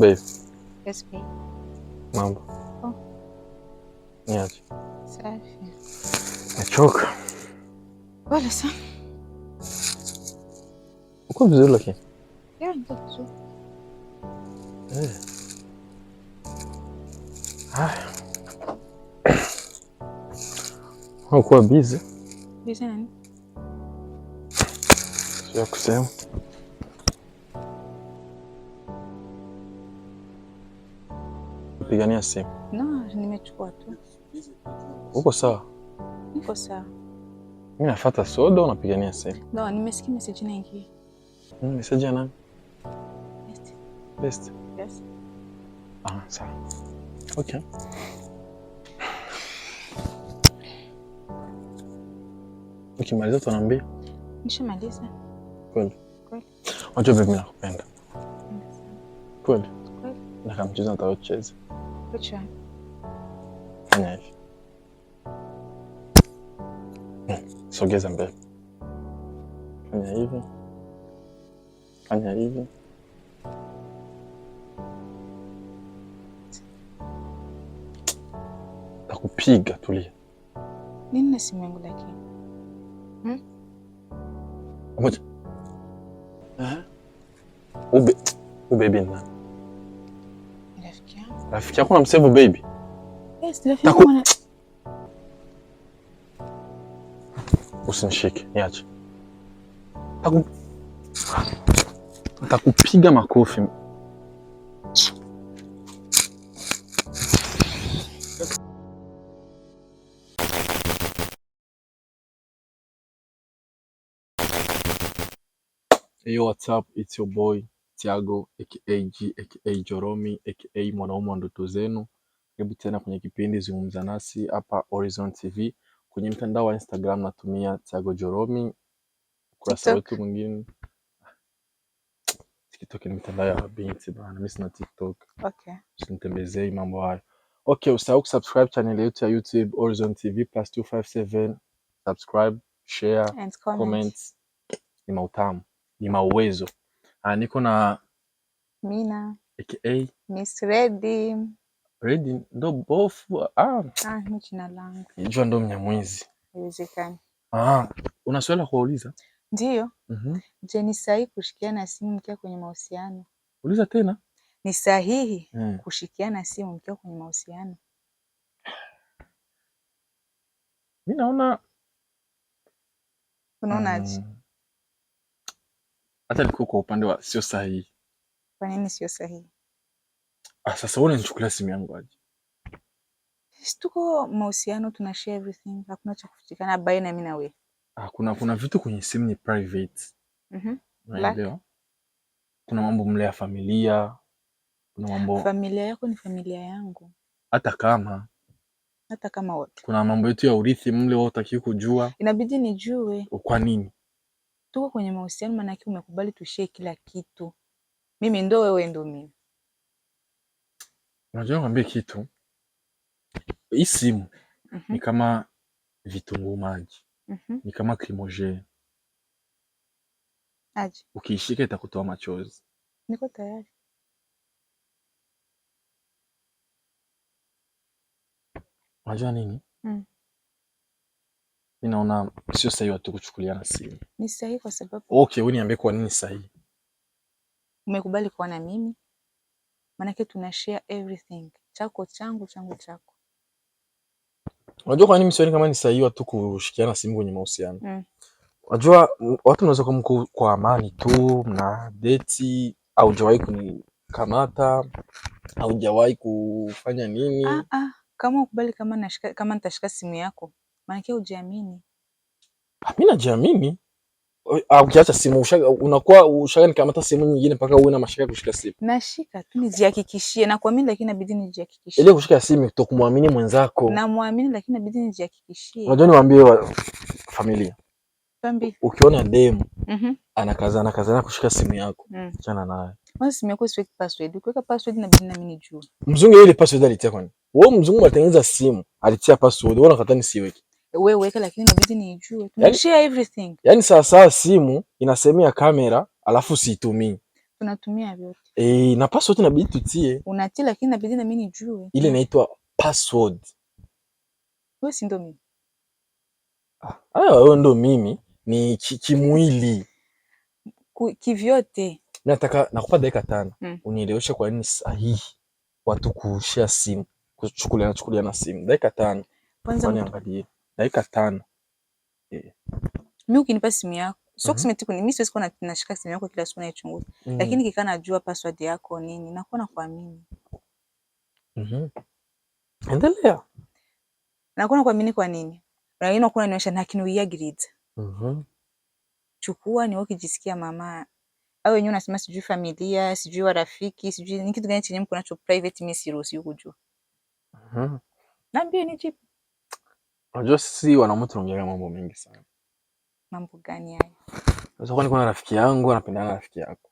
Beijo. Respeito. Mambo. Oh. Miachi. é choca Olha só. Uko é lakini. É, ndio é Eh. O Unakuwa busy. Busy nani? Sio kusema. kupigania simu? No, nimechukua tu. Uko sawa? Niko sawa. Mimi nafuata soda, unapigania simu? No, nimesikia message nyingi. Mm, message ya nani? Best. Best. Yes. Ah, sawa. Okay. Ukimaliza tunaambia. Nishamaliza. Kweli. Kweli. Unajua mimi nakupenda. Kweli. Kweli. Na kama mchezo nitaocheza. Richard. Fanya hivi, sogeza mbele. Fanya hivi, fanya hivi. Takupiga, tulia. Nini na simu yangu lakini? Ube, ubebi na Rafiki yako na msevu baby? Yes, rafiki yangu mwana... Usinishike, niache. Taku... Takupiga makofi. Hey, yo, what's up? It's your boy Tiago aka G aka Joromi aka mwanaume wa ndoto zenu. Karibu tena kwenye kipindi Zungumza Nasi hapa Horizon TV. Kwenye mtandao wa Instagram natumia Tiago Joromi, ukurasa wetu mwingine TikTok ni mtandao ya binti bana, mimi sina TikTok. Okay. Usinitembezei mambo hayo. Okay, usahau kusubscribe channel yetu ya YouTube Horizon TV plus 257. Subscribe, share, comment. Ni mautamu, ni mauwezo. Ah, niko na Mina aka Miss Redi. Redi ndo bofu? Ah, ah, ni jina langu. Jua ndo Mnyamwezi. Haiwezekani. Ah, una swali la kuuliza? Ndio. Mhm. Mm, je, ni sahihi kushikiana simu mkiwa kwenye mahusiano? Uliza tena. Ni sahihi mm, kushikiana simu mkiwa kwenye mahusiano? Mimi naona unaonaje? Mm hata alikuwa kwa upande wa sio sahihi. Kwa nini sio sahihi? Ah, sasa wewe unanichukulia simu yangu aje? Tuko mahusiano, tuna share everything, hakuna cha kufichikana baina ya mimi na wewe. Ah, kuna kuna vitu kwenye simu ni private. Mhm. Mm, like? kuna mambo mle ya familia, kuna mambo familia yako ni familia yangu, hata kama hata kama wote, kuna mambo yetu ya urithi mle, wao hutaki kujua, inabidi nijue. Kwa nini? tuko kwenye mahusiano, maanake umekubali tushie kila kitu. Mimi ndo wewe, ndo mimi. Unajua nikwambie kitu, hii simu mm -hmm. ni mhm. kama vitunguu maji mm -hmm. ni kama krimoje aje, ukiishika itakutoa machozi. Niko tayari Unajua nini? Mm. Mimi naona sio sahihi watu kuchukuliana simu. Ni sahihi kwa sababu okay, wewe niambie kwa nini sahihi? Umekubali kuwa na mimi, maanake tuna share everything, chako changu, changu chako. Unajua kwa nini mimi sioni kama ni sahihi watu kushikiana simu kwenye mahusiano? Mm. Unajua watu wanaweza kuwa mko kwa amani tu, mna date au jawahi kunikamata au jawahi kufanya nini? Ah, ah. Kama ukubali, kama nitashika simu yako maanake ujiamini. Mi najiamini, ah, ukiacha simu ushaga, unakuwa ushaga nikamata simu nyingine mpaka uwe na mashaka kushika simu. Nashika tu nijihakikishie, nakuamini, lakini inabidi nijihakikishie. Ile kushika simu to kumwamini mwenzako, namwamini, lakini inabidi nijihakikishie. Unajua, niwaambie wa familia, ukiona demu mm -hmm. anakazana kazana kushika simu yako mm. achana mm. mimi naye mzungu. Ile password alitia kwani wewe? Mzungu alitengeneza simu alitia password, wewe unakatani siweki wewe weka, lakini inabidi nijue tunashare yaani yani, everything yani saa saa simu inasemea kamera alafu siitumii tunatumia vyote eh, na password inabidi tutie, unatia lakini inabidi na mimi nijue ile inaitwa password. Wewe si ndo mimi ah, wewe ndo mimi ni kimwili kivyote. nataka nakupa dakika tano hmm. unieleweshe kwa nini sahihi watu kushare simu kuchukulia na kuchukuliana na simu, dakika tano kwanza niangalie dakika tano. Yeah. Mimi ukinipa simu yako sio mhm. kusema ni mimi siwezi kuwa nashika simu yako kila siku naichunguza, mm -hmm. Lakini nikikaa najua password yako nini, nakuwa na kuamini. Mhm, endelea. Nakuwa na kuamini kwa nini? Lakini nakuwa nanionyesha na kinu ya grid. Mhm, chukua ni wewe ukijisikia mama au wenyewe unasema sijui familia sijui warafiki sijui ni kitu gani chenye mko nacho private, mimi siruhusi kujua. Mhm, naambia ni chipi? Unajua sisi wanaume tunaongea mambo mengi sana. Mambo gani haya? Sasa kwani kuna rafiki yangu anapendana na rafiki yako.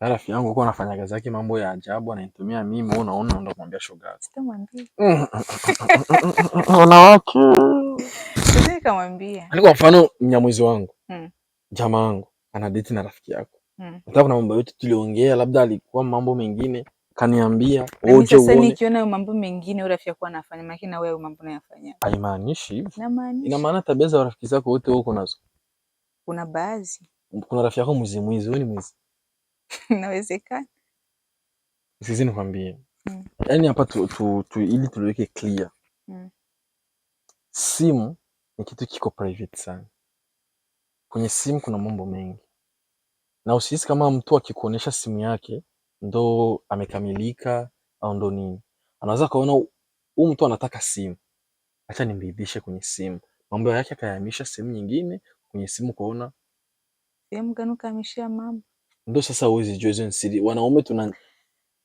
Na rafiki yangu kwa anafanya kazi yake mambo ya ajabu anaitumia mimi, wewe unaona unaenda kumwambia shoga. Sitamwambia. Wanawake. Sisi kamwambia. Ni yaani kwa mfano mnyamwezi wangu. Mm. Jamaa wangu ana date na rafiki yako. Mm. Nataka kuna mambo yote tuliongea, labda alikuwa mambo mengine kaniambia woje uone. Sasa nikiona mambo mengine urafiki yako anafanya, lakini na wewe mambo unayofanya haimaanishi Ina maana tabia za rafiki zako wote wako nazo, kuna baadhi, kuna rafiki yako mwizi mwizi, wewe ni mwizi inawezekana. Sisi ni kwambie. mm. Yaani hapa tu, tu, tu, ili tuweke clear mm. Simu ni kitu kiko private sana. Kwenye simu kuna mambo mengi, na usihisi kama mtu akikuonesha simu yake ndo amekamilika au ndo nini. Anaweza kaona huu mtu anataka simu, acha nimridhishe kwenye simu, mambo yake akayahamisha sehemu nyingine kwenye simu, kaona sehemu gani ukahamishia mambo. Ndo sasa uwezi jua hizo nsiri. Wanaume tuna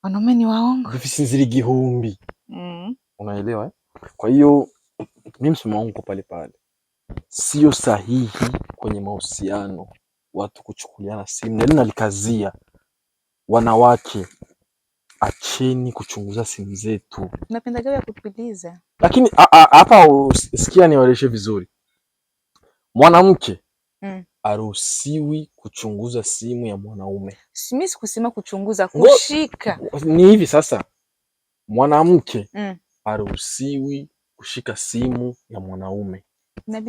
wanaume ni waongo, visinziri gihumbi mm. Unaelewa eh? Kwa hiyo mimi msimamo wangu pale pale, sio sahihi kwenye mahusiano watu kuchukuliana simu, na ile nalikazia wanawake acheni kuchunguza simu zetu, napendaga ya kupiliza, lakini hapa usikia niwaeleshe vizuri. Mwanamke mm. aruhusiwi kuchunguza simu ya mwanaume. Mimi sikusema kuchunguza, kushika ni hivi sasa. Mwanamke mm. aruhusiwi kushika simu ya mwanaume,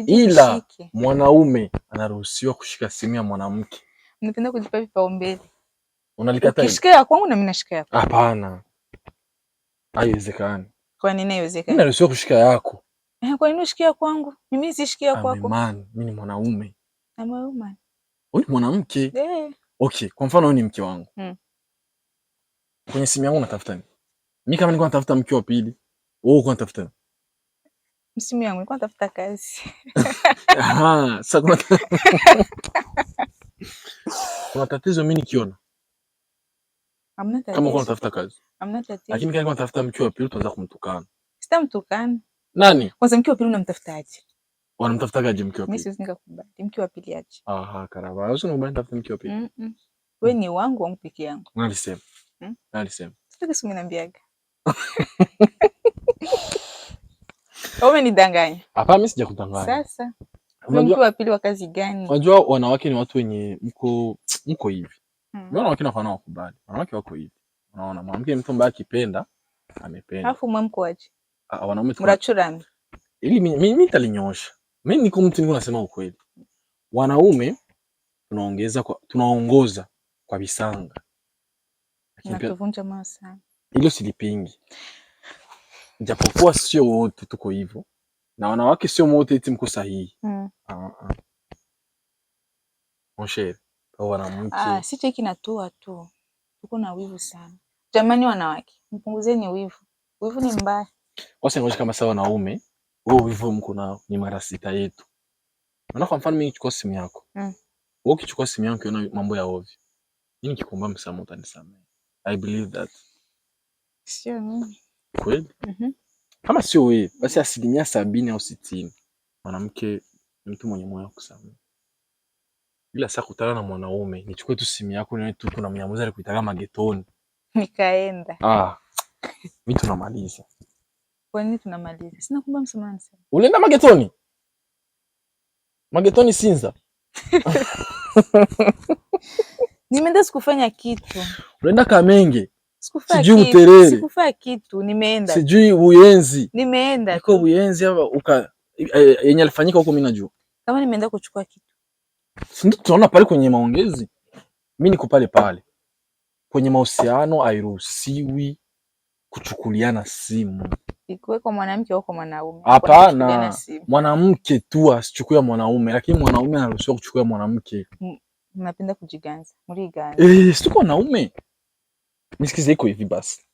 ila Mwanaume anaruhusiwa kushika simu ya mwanamke. Napenda kujipa vipaumbele Unalikata Unalikataa? Ukishikea kwangu na mimi nashikea kwako. Hapana. Haiwezekani. Kwa nini haiwezekani? Mimi naruhusiwa kushika yako. Eh, kwa nini ushikia kwangu? Mimi sishikia kwako. Man, mimi ni mwanaume. Na mwanaume. Wewe mwanamke. Eh. Okay, kwa mfano wewe ni mke wangu. Mm. Kwenye simu yangu unatafuta nini? Mimi kama nilikuwa natafuta mke wa pili, wewe uko unatafuta nini? Msimu yangu nilikuwa natafuta kazi. Ah, sasa kuna tatizo mimi nikiona kama uko unatafuta kazi, hamna tatizo. Lakini kama unatafuta mke wa pili utaanza kumtukana. Sitamtukana. Nani? Kwanza mke wa pili unamtafutaje? Wanamtafutaje mke wa pili? Mimi siwezi nikakubali. Mke wa pili aje. Aha, karaba. Wewe unakubali tafuta mke wa pili? Mhm. Mm, wewe ni wangu wangu peke yangu. Nani sema? Hmm? Nani sema? Sitaki simu niambiaga. Wewe unanidanganya. Hapana, mimi sijakudanganya. Sasa. Mke wa pili wa kazi gani? Unajua wanawake ni watu wenye mko mko hivi. Mbona hmm. na kwa wakubali? Wanawake wako hivi. Unaona, mwanamke mtu mbaya akipenda amependa. Alafu wanaume tu. Mrachurani. Ili mimi Mimi niko mtu niko nasema ukweli. Wanaume tunaongeza kwa tunaongoza kwa visanga. sana. Hilo silipingi. Japokuwa sio wote tuko hivyo. Na wanawake sio wote eti mko sahihi. Mm. uh -uh au wanamke? Ah, si cheki natua tu, tuko na wivu sana jamani. Wanawake mpunguzeni wivu, wivu ni mbaya. Wasinaoshi kama saa wanaume, wewe wivu mko nao ni mara sita yetu. Maana kwa mfano mimi nichukua simu yako mm. Wewe ukichukua simu yangu ukiona mambo ya ovyo, mimi nikikumba msamaha utanisamehe. I believe that. Sio mimi. Kweli? Mhm. Kama sio wewe, basi asilimia sabini au sitini mwanamke ni mtu mwenye moyo wa kusamehe bila saa kutana na mwanaume, nichukue tu simu yako nione tu kuna mnyamuzi alikuitaga magetoni, nikaenda ah, mimi tunamaliza. Kwa nini tunamaliza? Sina kumba msamani sana. Ulienda magetoni? Magetoni Sinza. Nimeenda sikufanya kitu. Ulienda Kamenge? Sikufanya kitu. Sijui Uterere. Sikufanya kitu, nimeenda. Sijui Uyenzi. Nimeenda. Iko Uyenzi hapa uka eh, eh, yenye alifanyika huko mimi najua. Kama nimeenda kuchukua kitu si ndio tunaona pale kwenye maongezi. Mi niko pale pale kwenye mahusiano, hairuhusiwi kuchukuliana simu. Ikiweko mwanamke au mwanaume, hapana, mwanamke tu asichukua mwanaume, lakini mwanaume anaruhusiwa kuchukua mwanamke. Mnapenda kujiganza, mliganza eh, si kwa mwanaume, Nisikize, iko hivi basi,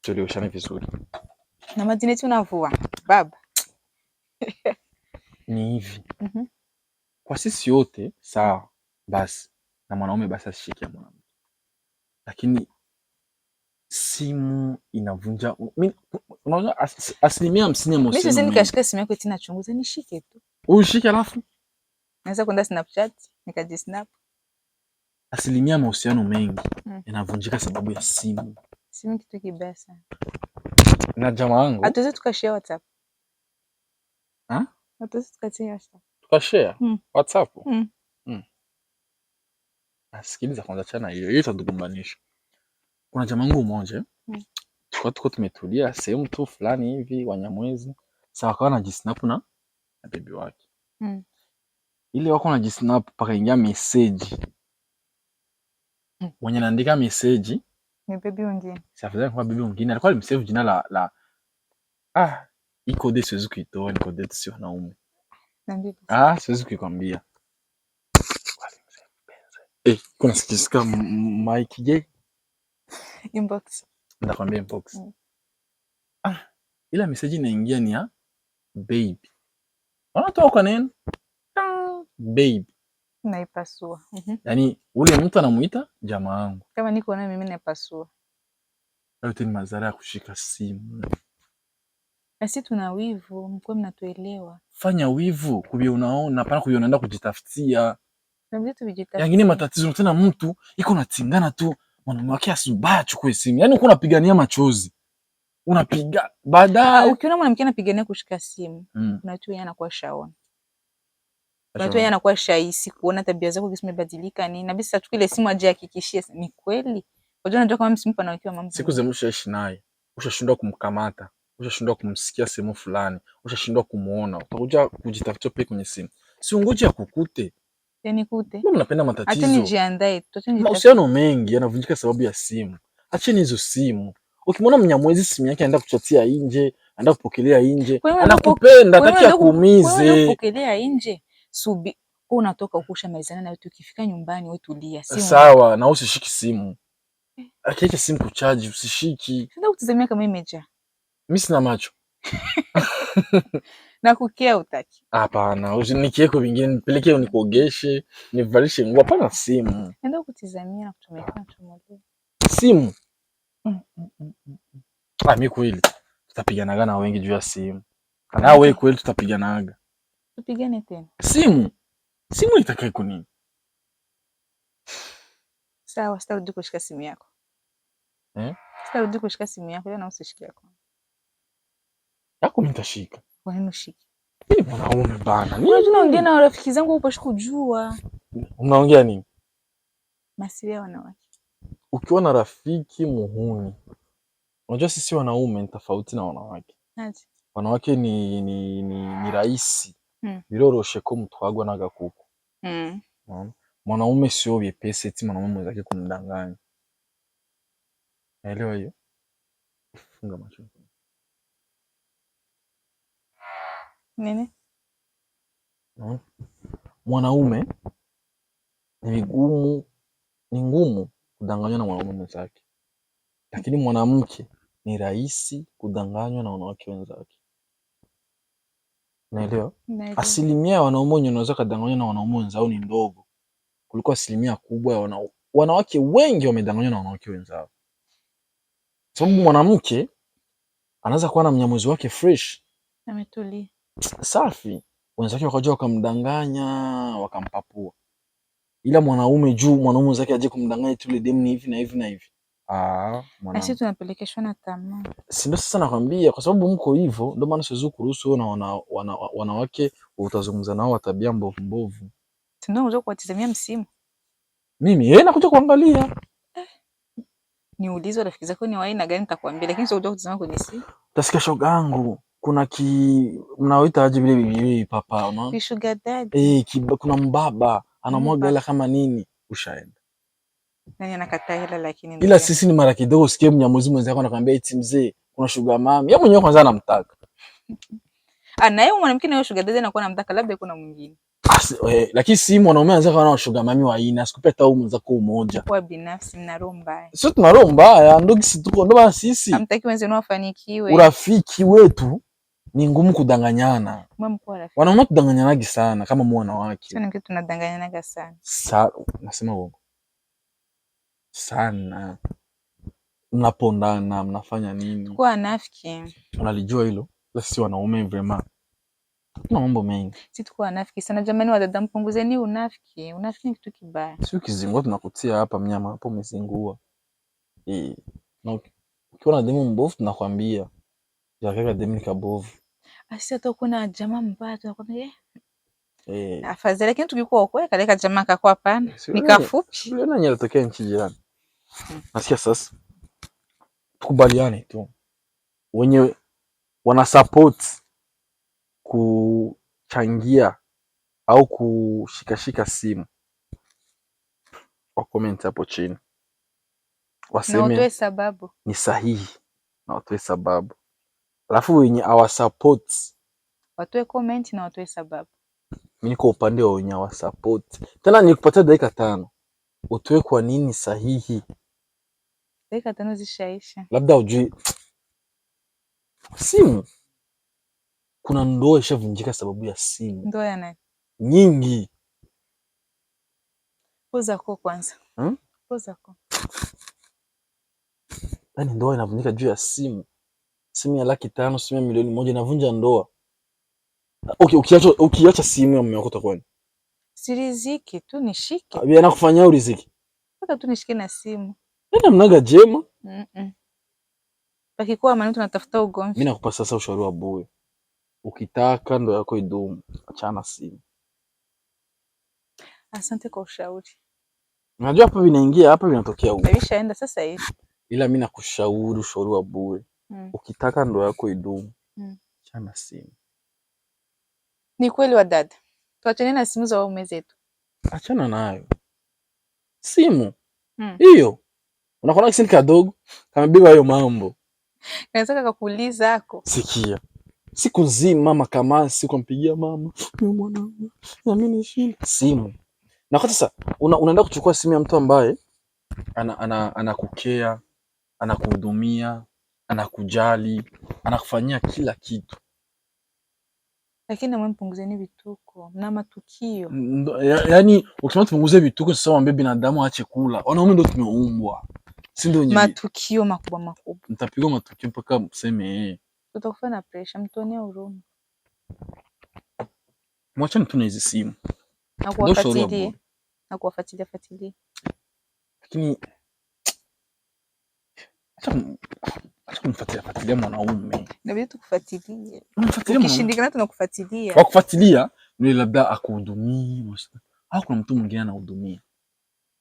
tueleweshane vizuri na madineti unavua baba ni hivi mm -hmm kwa sisi wote sawa basi, na mwanaume basi asishike mwanamke, lakini simu inavunja. Unaona, asilimia hamsini ya nikashika simu yako tena, chunguza, nishike tu ushike, alafu naweza kwenda Snapchat nikajisnap. Asilimia mahusiano mengi yanavunjika mm, sababu ya simu. Simu kitu kibaya sana, na jamaa wangu hatuwezi tukashia WhatsApp, hatuwezi tukatia WhatsApp tukashare mm. WhatsApp mm. Mm. kwanza, chana hiyo hiyo tutagombanisha. Kuna jamangu mmoja mm. Tuko tuko tumetulia sehemu tu fulani hivi Wanyamwezi, sawa, akawa na na na bibi wake mm. Ile wako anajisnap paka ingia message mm. naandika message ni bibi mwingine, sasa kwa bibi alikuwa alimsave jina la la ah, iko Ah, siwezi kuikwambia. Eh, kuna sikisika Mike J. Inbox. inbox. Mm. Ah, ila meseji inaingia ni ya baby. Wanatoka neno ah. Naipasua. Mm-hmm. Yaani ule mtu anamuita jamaa wangu. Kama niko naye mimi naipasua. Yote ni madhara ya kushika simu. Basi tuna wivu, mkuwe mnatuelewa. Fanya wivu kubia unaona pana kubia unaenda kujitafutia yangine matatizo tena. Mtu iko natingana tu mwanamume wake asubaya achukue simu, yaani uko unapigania machozi unapiga baadaye. Ah, ukiona mwanamke anapigania kushika simu, mm. unajua yeye anakuwa shaona, unajua yeye anakuwa shaisi kuona tabia zako zimebadilika nini, na basi achukue ile simu aje hakikishie ni kweli. Unajua, unajua kama msimu panawekewa mambo, siku za mwisho ishi naye, ushashindwa kumkamata ushashindwa kumsikia sehemu fulani, ushashindwa kumuona, utakuja kujitafutia pia kwenye simu, si ungoje akukute. Mnapenda matatizo, mahusiano mengi yanavunjika sababu ya simu. Acheni hizo simu. Ukimwona Mnyamwezi simu yake anaenda kuchatia nje, anaenda kupokelea nje, anakupenda hataki akuumize sawa, na usishiki simu, akiacha simu kuchaji usishiki mi sina macho na kukia utaki? Hapana, usinikieko vingine, nipeleke unikuogeshe, nivalishe nguo? Hapana, simu nenda kutizamia na kutumia simu. Mm mm, mm, mm, mm, Ah, mi kweli tutapiganaga na wengi juu ya simu na wewe kweli tutapiganaga. Tupigane tena simu, simu itakae kunini? Sawa, sitarudi kushika simu yako eh? Sitarudi kushika simu yako na usishike yako yako mitashika. Kwa nini ushike? Ni mwanaume bana. Mimi tunaongea na rafiki zangu upo shikujua. Mnaongea nini? Masuala ya wanawake. Ukiwa na rafiki muhuni. Unajua sisi wanaume ni tofauti na wanawake. Aje. Wanawake ni ni ni, ni rahisi. Mm. Biroroshe ko mutwagwa n'agakoko. Mm. Mwanaume sio vyepesi eti mwanaume mwenzake kumdanganya. Naelewa hiyo. Funga macho. nini hmm? mwanaume ni vigumu, ni ngumu kudanganywa na mwanaume mwenzake, lakini mwanamke ni rahisi kudanganywa na wanawake wenzake. Naelewa asilimia ya wanaume wenye wanaweza kadanganywa na wanaume wenzao ni ndogo kuliko asilimia kubwa ya wana... wanawake wengi wamedanganywa na wanawake wenzao, sababu mwanamke anaweza kuwa na mnyamuzi wake fresh, ametulia safi, wenzake wakaja wakamdanganya wakampapua, ila mwanaume juu mwanaume wenzake aje kumdanganya tule demu ni hivi na hivi na hivi. Ah, mwana sisi tunapelekeshwa na tamaa, si ndio? Sasa nakwambia kwa sababu mko hivyo, ndio maana siwezi kuruhusu na wanawake wana, wana, utazungumza nao watabia mbovu mbovu. Tunaoza kuwatizamia msimu, mimi yeye nakuja kuangalia niulize rafiki zako ni wa aina gani, nitakwambia, lakini sio kuja kutizama kwenye simu. Utasikia shoga shogangu kuna ki mnaoitaje vile vile papa ama ni sugar daddy eh, kuna mbaba anamwaga hela kama nini, ushaenda nani anakataa hela lakini, ila sisi ni mara kidogo, sikie mnyamuzi mwenzako anakuambia eti mzee kuna sugar mama, yeye mwenyewe kwanza anamtaka anaye ah, mwanamke na sugar daddy anakuwa anamtaka, labda kuna mwingine ah, eh, lakini si mwanaume anaweza kuwa na sugar mami wa aina sikupia hata mwenzako mmoja. Kwa binafsi mna roho mbaya, sio tuna roho mbaya ndugu, si tuko ndo basi sisi amtaki wenzenu wafanikiwe, urafiki wetu ni ngumu kudanganyana. Wanaume tudanganyanagi sana kama mu wanawake. Tunadanganyanaga sana. Sa, nasema uongo. Sana. Mnapondana, mnafanya nini? nafiki. Unalijua hilo? lasi wanaume vema Tuna mambo mengi. kizingua tuko sana jamani, wadada mpunguzeni unafiki. Unafiki ni kitu kibaya. tunakutia hapa mnyama, hapo umezingua. Eh. Na ukiona demu mbovu tunakwambia. Ya demu ni kabovu hata kuna jamaa mbaya tu akwambia eh hey. Afadhali lakini tukikuwa ukwe kaleka jamaa kakuwa pana nikafupi eh, si nani alitokea nchi jirani hmm. Nasikia sasa tukubaliane tu wenye wana support kuchangia au kushikashika simu wa comment hapo chini waseme sababu ni sahihi na watoe sababu alafu wenye support watoe comment na watoe sababu. Mimi niko upande wa wenye support Tena nikupatia dakika tano utoe kwa nini sahihi. Dakika tano zishaisha, labda ujui simu. Kuna ndoa ishavunjika sababu ya simu. Ndoa ya nani? Nyingi kwa kwanza, hmm? kwa. Yaani ndoa inavunjika juu ya simu simu ya laki tano, simu ya milioni moja inavunja ndoa. Okay, ukiacha ukiacha simu ya mume wako utakuwa Siriziki tu nishike. Abi anakufanyia uriziki. Hata tu nishike na simu. Ndio mnaga jema. Mhm. -mm. Pakikuwa maneno tunatafuta ugomvi. Mimi nakupa sasa ushauri wa boy. Ukitaka ndo yako idumu, achana simu. Asante kwa ushauri. Najua hapa vinaingia hapa vinatokea huko. Nilishaenda sasa hivi. Ila mimi nakushauri ushauri wa bure. Mm. Ukitaka ndoa yako idumu, mm. chana simu. Ni kweli wa dada, tuachane na simu za waume zetu, achana nayo simu hiyo. Mm. unakona kisini kadogo kamebeba hiyo mambo, kanataka kakuuliza ako sikia siku nzima makamasi ukampigia mama mwanangu, nami nishinda simu na kwa sasa una, unaenda kuchukua simu ya mtu ambaye anakukea ana, ana anakuhudumia anakujali, anakufanyia kila kitu, lakini ni vituko na matukio. Yaani ukisema tupunguze vituko, sasa mwambie binadamu aache kula. Wanaume ndio tumeumbwa, si ndio? Nyinyi matukio makubwa makubwa, nitapiga matukio mpaka mseme tutakufa na pressure. Mtuonee huruma, mwachani tu na hizi simu na kuwafatilia na lakini Ariko mfatilia fatilia mwanaume. Kwa kufuatilia ni labda akuhudumii Au ah, kuna mtu mwingine anahudumia.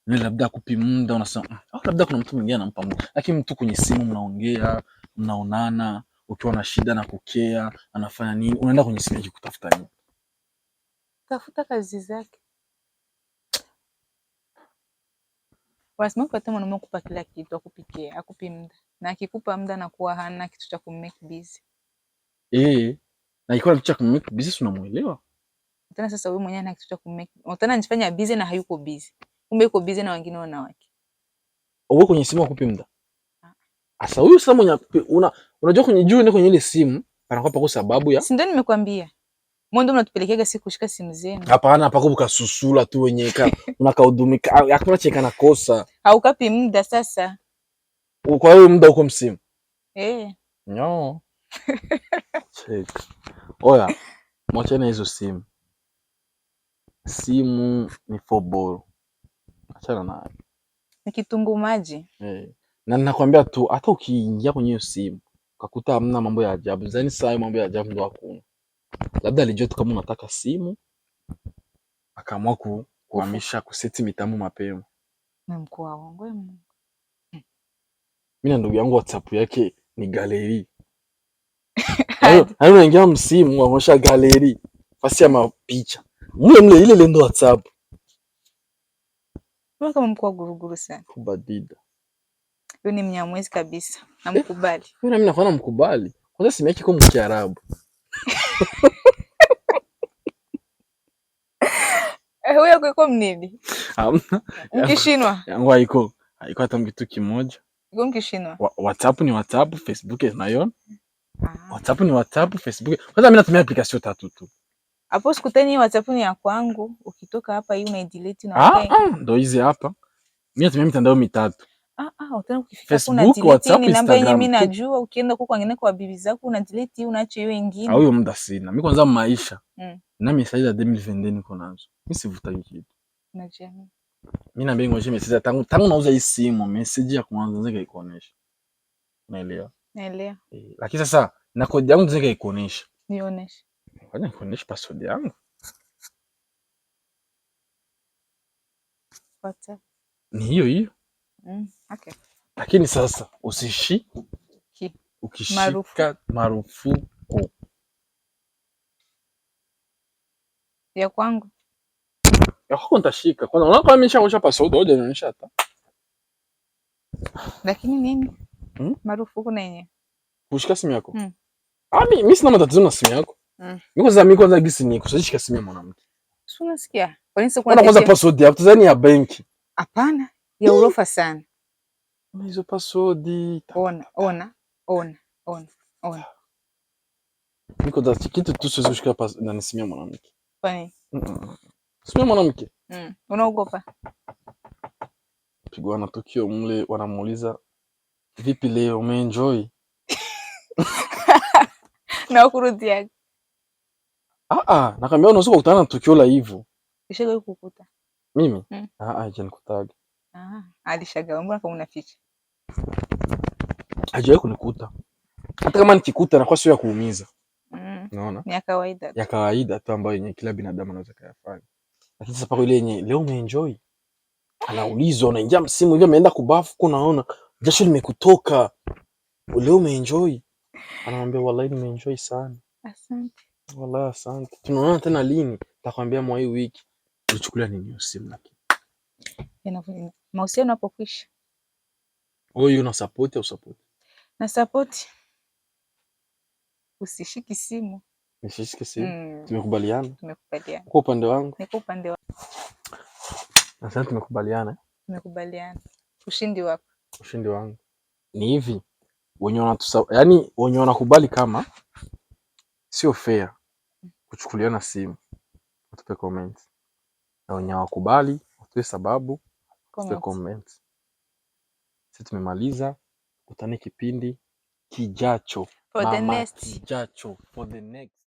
Ni labda akupi muda unasema. Au ah, ah, labda kuna mtu mwingine anampa muda. Lakini mtu kwenye simu mnaongea, mnaonana, ukiwa na shida na kukea, anafanya nini? Unaenda kwenye simu yake nini? Tafuta kazi zake. Lazima upate mwanaume akupa kila kitu, akupikie, akupi muda. Na akikupa muda na kuwa hana kitu cha kummake busy. Eh, na ikiwa kitu cha kummake busy unamuelewa? Tena sasa wewe mwenyewe hana kitu cha kummake. Tena anajifanya busy na hayuko busy. Kumbe yuko busy na wengine wanawake. Wewe kwenye simu akupi muda. Ah. Asa huyu sasa mwenye una, unajua kwenye juu ni kwenye ile simu anakupa kwa sababu ya. Si ndio nimekuambia. Mwendo mnatupelekega si kushika simu zenu. Hapana, hapa kubuka susula tu wenye ka Hakuna cheka na kosa. Haukapi muda sasa. Kwa hiyo muda uko msimu. Eh. No. Cheka. Oya, mwachane hizo simu. Simu ni foboro. Achana nayo. Ni kitungu maji. Eh. Na ninakwambia tu hata ukiingia kwenye hiyo simu kakuta hamna mambo ya ajabu. Zani saa mambo ya ajabu ndo hakuna labda alijua tu kama unataka simu akaamua kuhamisha kuseti mitambo mapema. Ni mkuu wa Mi na ndugu yangu WhatsApp yake ni galeri, hayo naingia msimu waonyesha galeri fasi ya mapicha mule mule, ile lendo WhatsApp kama mkuu wa guruguru sana kubadida. mnyamwezi kabisa, eh, namkubali. Mimi nafana mkubali kwanza, simu yake iko mkiarabu Eh, huyo kuiko mnini mkishinwa yangu haiko haiko hata mkitu kimoja mkishinwa WhatsApp ni WhatsApp, Facebook nayo ah. WhatsApp ni WhatsApp, Facebook kwanza mimi natumia application tatu tu hapo sikuteni. WhatsApp ni ya kwangu, ukitoka hapa hii delete na ah, ah, ndo hizi hapa mimi natumia mitandao mitatu Ah, ah, Facebook, WhatsApp, Mimi najua ukienda huko kwingine kwa bibi zako unadelete hii unaacha hiyo nyingine. Ah, muda sina. Mimi kwanza maisha. Mm. Na 2020 niko nazo. Mimi sivutaki kitu. Najiamini. Mimi message tangu tangu nauza hii simu message ya kwanza ikuonesha. Naelewa. Naelewa. lakini sasa na kodi yangu ikuonesha. password yangu? Ni hiyo hiyo. Mm, okay. Lakini sasa usishi Ki. ukishika marufuku, marufuku ya kwangu ya kwako nitashika kwanza, unaona kama nishaosha hoja inaonyesha hata lakini nini hmm? marufuku na yenyewe kushika simu yako hmm. Ah, mimi sina matatizo na simu yako hmm. Niko za mimi kwanza gisi niko sasa shika simu ya mwanamke, sio unasikia? Kwa nini sikuwa na kwanza password ya tazani ya benki? Hapana ya urofa sana. Hizo pasodi. Ona, ona, ona, ona, ona. Niko kitu tu sisi shika pas na nisimia mwanamke. Kwani? Mm. Simia mwanamke. Mm. Unaogopa? Pigwa na tukio mle wanamuuliza vipi leo umeenjoy? Na kurudia. Ah ah, nakambia unaweza kukutana na tukio la hivyo. Kisha kukuta. Mimi? Mm. Ah ah, je nikutaga. Ah, mbona kama unaficha. Hajawahi kunikuta. Hata kama nikikuta na kwa sio ya kuumiza. Mm. Unaona? Ni ya kawaida. Ya kawaida tu ambayo yenye kila binadamu anaweza kufanya. Lakini sasa pako ile yenye leo umeenjoy. Anaulizwa unaingia msimu hivi ameenda kubafu huko naona jasho limekutoka. Leo umeenjoy. Anamwambia wallahi nimeenjoy sana. Asante. Wallahi asante. Tunaona tena lini? Takwambia mwa hii wiki. Tuchukulia nini msimu lakini mahusiano yapokwisha. Wewe una support au support? Na support. Usishiki simu. Usishiki simu. Mm. Tumekubaliana? Tumekubaliana. Kwa upande wangu? Niko upande wako. Sasa tumekubaliana? Tumekubaliana. Ushindi wako. Ushindi wangu. Ni hivi. Wenye wanatusa, yani wenye wanakubali kama sio fair kuchukuliana simu. Watupe comment. Na wenye hawakubali, watupe sababu Si tumemaliza, kutani kipindi kijacho. For the next. Kijacho. For the next.